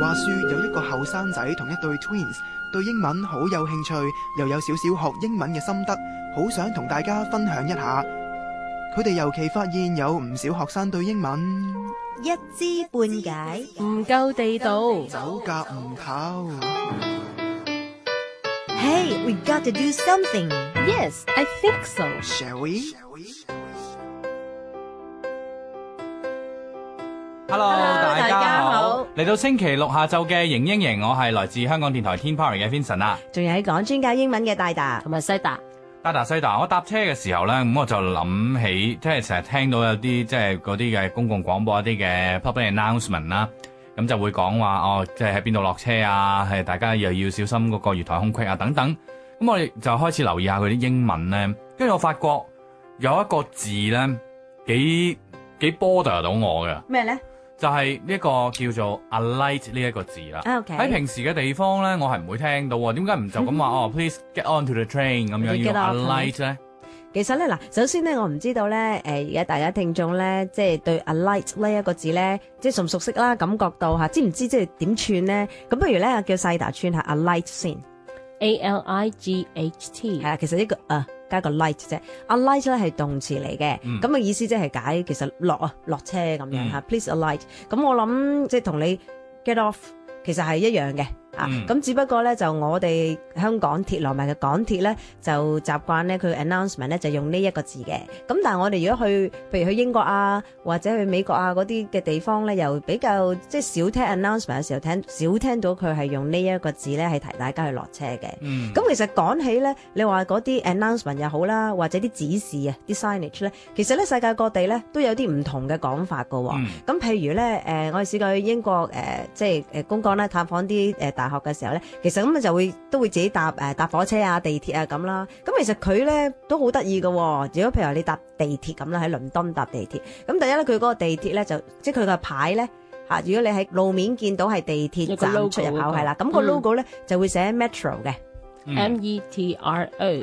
話說有一個後生仔同一對 twins 對英文好有興趣，又有少少學英文嘅心得，好想同大家分享一下。佢哋尤其發現有唔少學生對英文一知半解，唔夠地道，走夾唔甩。Hey, we got to do something. Yes, I think so. Shall we? Hello. 嚟到星期六下晝嘅瑩英瑩，我係來自香港電台 Teen Power 嘅 Vincent 啦，仲有喺講專教英文嘅大達同埋西達，大達西達。我搭車嘅時候咧，咁我就諗起，即係成日聽到有啲即係嗰啲嘅公共廣播一啲嘅 public announcement 啦，咁就會講話哦，即係喺邊度落車啊，係大家又要小心個月台空隙啊等等。咁我亦就開始留意一下佢啲英文咧，跟住我發覺有一個字咧幾幾 bother 到我嘅咩咧？咩呢就係呢一個叫做 alight 呢一個字啦。喺 Okay. 平時嘅地方咧，我係唔會聽到喎。點解唔就咁話哦？Please get on to the train 咁樣。You 要 alight 咧 okay. 呢。其實咧嗱，首先咧，我唔知道咧誒，而家大家聽眾咧、就是，即係對 alight 呢一個字咧，即係熟唔熟悉啦？感覺到吓，知唔知即係點串咧？咁不如咧叫細達串下 alight 先。A L I G H T 係啊，其實呢個啊。加個 light 啫，阿 light 咧係動詞嚟嘅，咁嘅、嗯、意思即係解其實落啊落車咁樣吓。Please alight。咁我諗即係同你 get off 其實係一樣嘅。啊，咁只不過咧就我哋香港鐵落埋嘅港鐵咧，就習慣咧佢 announcement 咧就用呢一個字嘅。咁但係我哋如果去，譬如去英國啊，或者去美國啊嗰啲嘅地方咧，又比較即係少聽 announcement 嘅時候聽少聽到佢係用呢一個字咧係提大家去落車嘅。咁、嗯、其實講起咧，你話嗰啲 announcement 又好啦，或者啲指示啊、啲 signage 咧，其實咧世界各地咧都有啲唔同嘅講法㗎、哦。咁、嗯、譬如咧，誒、呃、我哋試過去英國、呃、即係誒、呃、公幹啦探訪啲大學嘅時候咧，其實咁啊就會都會自己搭誒搭火車啊、地鐵啊咁啦。咁其實佢咧都好得意嘅。如果譬如話你搭地鐵咁啦，喺倫敦搭地鐵，咁第一咧佢嗰個地鐵咧就即係佢個牌咧吓。如果你喺路面見到係地鐵站出入口係啦，咁個 logo 咧、嗯、就會寫 metro 嘅。Metro、mm.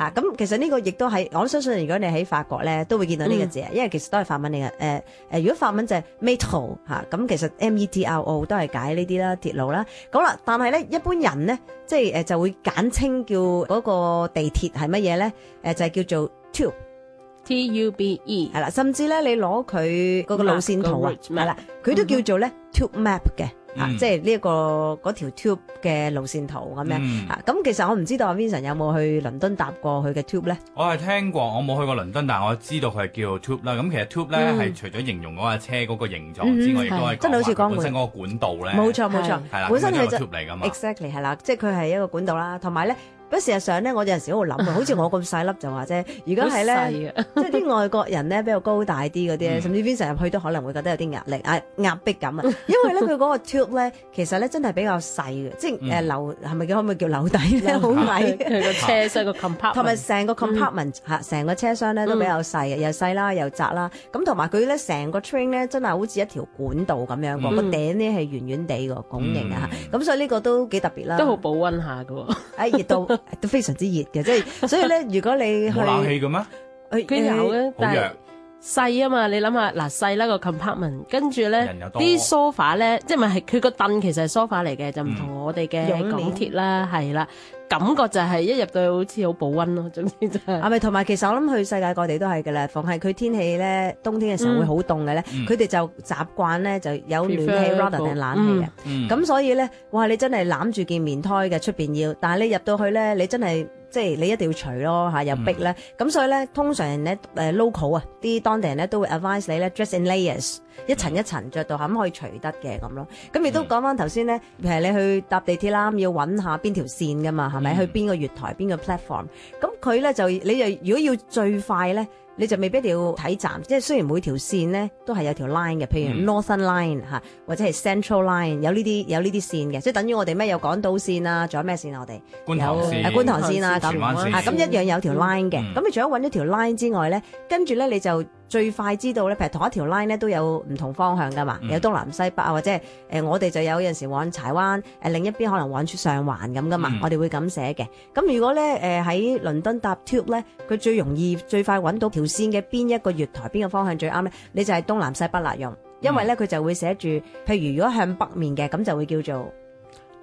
啊，咁其實呢個亦都係，我相信如果你喺法國咧，都會見到呢個字啊，mm. 因為其實都係法文嚟嘅。誒、呃、誒，如果法文就係 metro 吓、啊，咁、嗯、其實 metro 都係解呢啲啦，鐵路啦。好啦，但係咧一般人咧，即係誒、呃、就會簡稱叫嗰個地鐵係乜嘢咧？誒、呃、就係叫做 tube，t u b e 係啦，甚至咧你攞佢嗰個路線圖啊，係啦，佢都叫做咧 tube map 嘅。Mm hmm. 啊，即係呢一個嗰條 tube 嘅路線圖咁樣，嗯、啊，咁其實我唔知道阿 Vincent 有冇去倫敦搭過佢嘅 tube 咧？我係聽過，我冇去過倫敦，但係我知道佢係叫 tube 啦。咁其實 tube 咧係除咗形容嗰架車嗰個形狀之外，亦都好似講本身嗰個管道咧。冇錯冇錯，係啦，了本身係就 tube 嚟㗎嘛。Exactly 係啦，即係佢係一個管道啦，同埋咧。咁事實上咧，我有陣時喺度諗好似我咁細粒就話啫。如果係咧，即係啲外國人咧比較高大啲嗰啲甚至邊成入去都可能會覺得有啲壓力、壓壓迫感啊。因為咧佢嗰個 tube 咧，其實咧真係比較細嘅，即係誒，樓係咪可唔可以叫樓底咧？好矮。車廂個 compartment 同埋成個 compartment 吓成個車廂咧都比較細，又細啦又窄啦。咁同埋佢咧成個 train 咧，真係好似一條管道咁樣喎。個頂咧係圓圓地個拱形啊，咁所以呢個都幾特別啦。都好保溫下嘅喎，誒熱到。 都非常之熱嘅，即、就、係、是、所以咧，如果你冇冷氣嘅咩？佢、哎、有嘅，好弱、欸。但細啊嘛，你諗下嗱，細、啊、啦、個 compartment，跟住咧啲 sofa 咧，即係咪係佢個凳其實係 sofa 嚟嘅，嗯、就唔同我哋嘅港鐵啦，係、嗯、啦，啦，感覺就係一入到去好似好保溫咯，總之就係。係咪，同埋其實我諗去世界各地都係噶啦，逢係佢天氣咧，冬天嘅時候會好凍嘅咧，佢哋、嗯嗯、就習慣咧就有暖氣，rather 定冷氣嘅，咁、嗯嗯、所以咧，哇！你真係攬住件棉胎嘅出邊要，但係你入到去咧，你真係。即係你一定要除咯，吓又逼咧，咁、嗯、所以咧，通常咧誒 local 啊，啲當地人咧都會 advise 你咧 dress in layers，、嗯、一層一層着到咁可以除得嘅咁咯。咁、嗯、亦都講翻頭先咧，譬如你去搭地鐵啦，要揾下邊條線噶嘛，係咪、嗯、去邊個月台邊個 platform？咁佢咧就你誒如果要最快咧。你就未必一定要睇站，即係雖然每條線咧都係有條 line 嘅，譬如 Northern Line 吓或者係 Central Line 有呢啲有呢啲線嘅，即係等於我哋咩有港島線,線,線啊，仲有咩線我哋，有啊觀塘線啦咁咁一樣有條 line 嘅，咁、嗯、你除咗揾咗條 line 之外咧，跟住咧你就。最快知道咧，譬如同一條 line 咧都有唔同方向噶嘛，嗯、有東南西北啊，或者係、呃、我哋就有陣時往柴灣誒、呃、另一邊可能往出上環咁噶嘛，嗯、我哋會咁寫嘅。咁如果咧誒喺倫敦搭 tube 咧，佢最容易最快揾到條線嘅邊一個月台邊個方向最啱咧，你就係、是、東南西北啦用，因為咧佢就會寫住，譬如如果向北面嘅咁就會叫做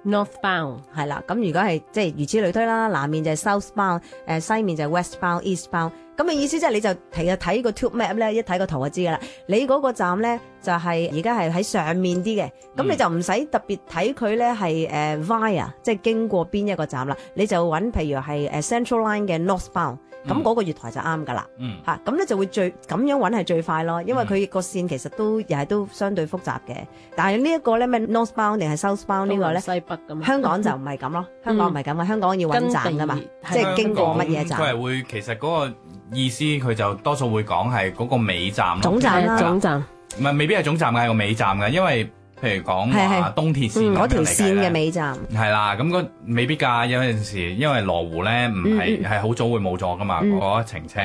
northbound 係啦，咁如果係即如此類推啦，南面就係 southbound，西面就係 westbound、eastbound。咁嘅意思即係你就成日睇個 Tube Map 咧，一睇個圖就知噶啦。你嗰個站咧就係而家係喺上面啲嘅，咁、嗯、你就唔使特別睇佢咧係誒 via，即係經過邊一個站啦。你就揾譬如係 Central Line 嘅 Northbound，咁嗰、嗯、個月台就啱噶啦。嚇、嗯，咁咧、啊、就會最咁樣揾係最快咯，因為佢個線其實都又係、嗯、都相對複雜嘅。但係呢一個咧咩 Northbound 定係 Southbound 呢個咧？西北咁。香港就唔係咁咯，香港唔係咁啊，嗯、香港要揾站噶嘛，即係經過乜嘢站？嗯、佢係會其實、嗰個意思佢就多數會講係嗰個尾站咯，總站啦，總站。唔係吧站未必係總站㗎，係個尾站㗎。因為譬如講話是東鐵線嗰、嗯嗯、條線嘅尾站係啦，咁嗰、那個、未必㗎。有陣時因為羅湖咧唔係係好早會冇咗㗎嘛，嗰一、嗯、程車。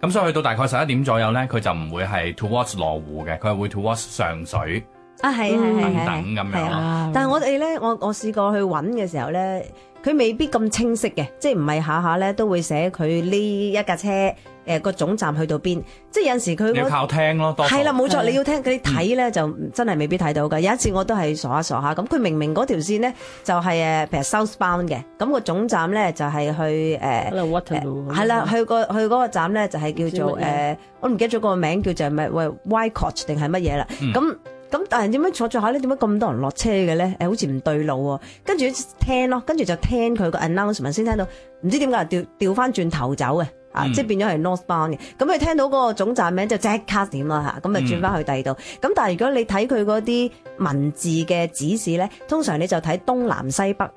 咁所以去到大概十一點左右咧，佢就唔會係 towards 羅湖嘅，佢係會 towards 上水啊，係啊、嗯，等等咁樣。但係我哋咧，我我試過去揾嘅時候咧。佢未必咁清晰嘅，即係唔係下下咧都會寫佢呢一架車誒個總站去到邊？即係有陣時佢、嗰個、要靠聽咯，係啦，冇錯，的你要聽佢睇咧就真係未必睇到㗎。有一次我都係傻下傻下，咁佢明明嗰條線呢就係、是、誒，譬如 Southbound 嘅，咁、那個總站呢就係去誒，Waterloo 係啦，去去嗰個站呢就係叫做誒、呃，我唔記得咗個名叫做咩，喂 Y Coach 定係乜嘢啦，咁。嗯咁但係點樣坐咗下咧？點解咁多人落車嘅咧、欸？好似唔對路喎、啊，跟住聽咯，跟住就聽佢個 announcement 先聽到，唔知點解掉掉翻轉頭走嘅，嗯、啊即係變咗係 northbound 嘅。咁佢聽到嗰個總站名就即刻點啦嚇，咁咪轉翻去第二度。咁、嗯嗯、但係如果你睇佢嗰啲文字嘅指示咧，通常你就睇東南西北。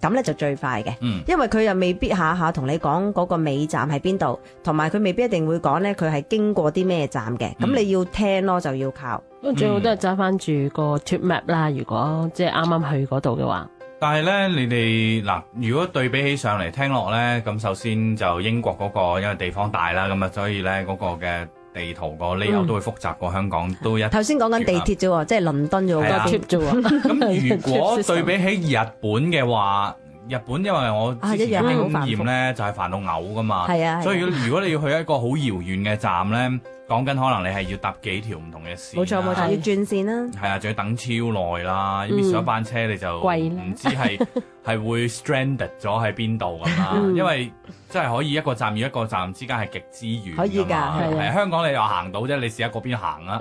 咁咧就最快嘅，嗯、因為佢又未必下下同你講嗰個尾站喺邊度，同埋佢未必一定會講咧佢係經過啲咩站嘅，咁、嗯、你要聽咯就要靠。嗯、最好都係揸翻住個 Trip Map 啦，如果即係啱啱去嗰度嘅話。但係咧，你哋嗱，如果對比起上嚟聽落咧，咁首先就英國嗰、嗰個因為地方大啦，咁啊所以咧嗰個嘅。地圖個理由都會複雜過香港，嗯、都一頭先講緊地鐵啫喎，即係倫敦做個 trip 啫喎。咁如果對比起日本嘅話，日本因為我之前經驗咧，就係煩到嘔㗎嘛，係啊。啊啊所以如果你要去一個好遙遠嘅站咧。 講緊可能你係要搭幾條唔同嘅線，冇錯冇錯，要轉線啦。係啊，仲要等超耐啦，因為上一班車你就唔知係係會 stranded 咗喺邊度啊嘛。因為真係可以一個站與一個站之間係極之遠。可以㗎，係香港你又行到啫，你試下個邊行啊？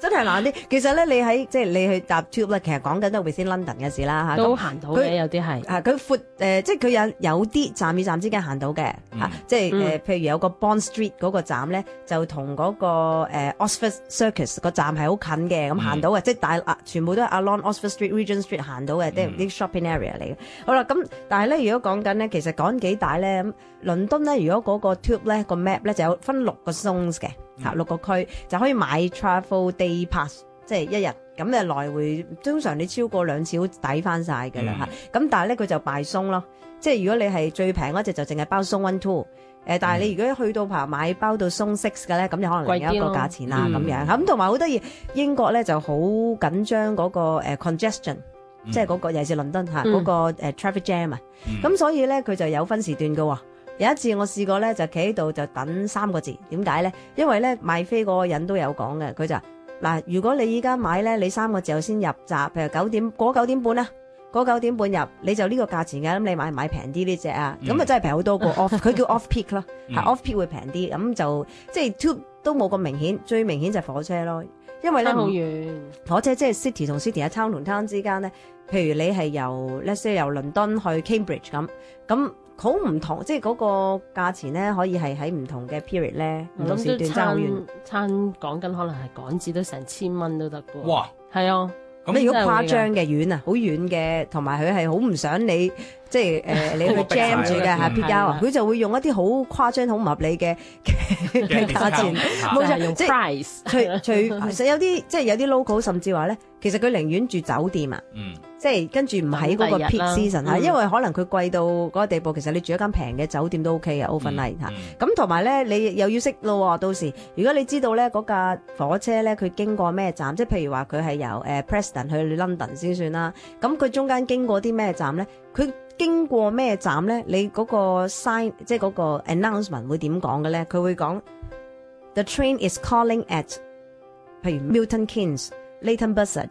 真係難啲。其實咧，你喺即係你去搭 tube 咧，其實講緊都係 within London 嘅事啦。都行到嘅有啲係，係佢闊，即係佢有有啲站與站之間行到嘅，即係譬如有個 Bond Street 嗰個站咧。就同嗰個、呃、Oxford Circus 個站係好近嘅，咁行到嘅，即係大啊，全部都係 Along Oxford Street、Regent Street 行到嘅，即係啲 shopping area 嚟嘅。好啦，咁但係咧，如果講緊咧，其實講幾大咧，咁倫敦咧，如果嗰個 tube 咧個 map 咧就有分六個 zones 嘅，六個區就可以買 travel day pass，即係一日咁咧來回，通常你超過兩次好抵翻晒嘅啦。咁但係咧，佢就 by zone 咯，即係如果你係最平嗰隻就淨係包 zone one two。誒，嗯、但係你如果去到棚買包到松 six 嘅咧，咁就可能另一個價錢啦，咁、嗯、樣咁同埋好得意，英國咧就好緊張嗰、那個、uh, congestion、嗯、即係嗰、那個尤其是倫敦嗰、嗯、個 traffic jam 啊。咁、嗯、所以咧佢就有分時段喎、哦。有一次我試過咧就企喺度就等三個字，點解咧？因為咧買飛嗰個人都有講嘅，佢就嗱，如果你依家買咧，你三個字就先入閘，譬如九點嗰九點半啦。嗰九點半入，你就呢個價錢嘅，咁你買唔買平啲呢隻啊，咁啊、嗯、真係平好多個 off，佢 叫 off peak 咯，係、嗯、off peak 會平啲，咁就即係 tube 都冇咁明顯，最明顯就火車咯，因為咧好遠，火車即係 city 同 city 喺 town 同 town 之間咧，譬如你係由 let’s say 由倫敦去 Cambridge 咁，咁好唔同，即係嗰個價錢咧可以係喺唔同嘅 period 咧唔同、嗯、時段爭好遠，差，差講緊可能係港紙都成千蚊都得嘅，哇，係啊。咁如果誇張嘅遠啊，好遠嘅，同埋佢係好唔想你，即係誒、呃、你去 jam 住嘅，係比較，佢、啊、的就會用一啲好誇張、好唔合理嘅嘅價錢，冇錯，即係 price。除除其實有啲即係有啲 local，甚至話咧，其實佢寧願住酒店啊。嗯即係跟住唔喺嗰個 peak season 嚇、嗯，因為可能佢貴到嗰個地步，其實你住一間平嘅酒店都 OK 嘅 overnight。咁同埋咧，你又要識路喎。到時如果你知道咧嗰架火車咧，佢經過咩站？即係譬如話佢係由、uh, Preston 去 London 先算啦。咁、嗯、佢中間經過啲咩站咧？佢經過咩站咧？你嗰個 sign 即係嗰個 announcement 會點講嘅咧？佢會講 The train is calling at 譬如 Milton Keynes, Leighton Buzzard。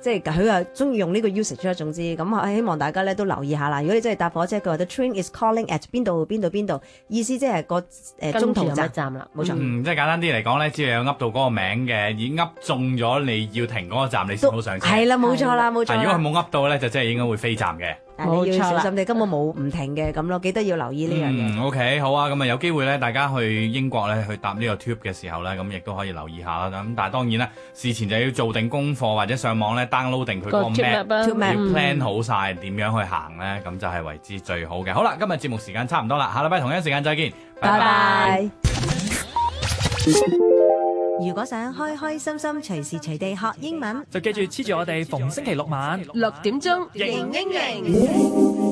即係佢話中意用呢個 usage，總之咁啊希望大家咧都留意下啦。如果你真係搭火車，佢話 the train is calling at 邊度邊度邊度，意思即係個誒中途站啦，冇錯。嗯，即係簡單啲嚟講咧，只要噏到嗰個名嘅，已噏中咗你要停嗰個站，你先好上車。係啦，冇錯啦，冇錯。如果佢冇噏到咧，就真係應該會飛站嘅。但你要小心，你根本冇唔停嘅咁咯，記得要留意呢樣嘢。嗯，OK，好啊，咁啊有機會咧，大家去英國咧去搭呢個 tube 嘅時候咧，咁亦都可以留意一下啦。咁但係當然啦，事前就要做定功課或者上網咧 download 定佢個 m 要 plan 好晒點樣去行咧，咁就係為之最好嘅。好啦，今日節目時間差唔多啦，下禮拜同一時間再見，拜拜。拜拜 如果想開開心心隨時隨地學英文，就記住黐住我哋逢星期六晚六點鐘迎英認。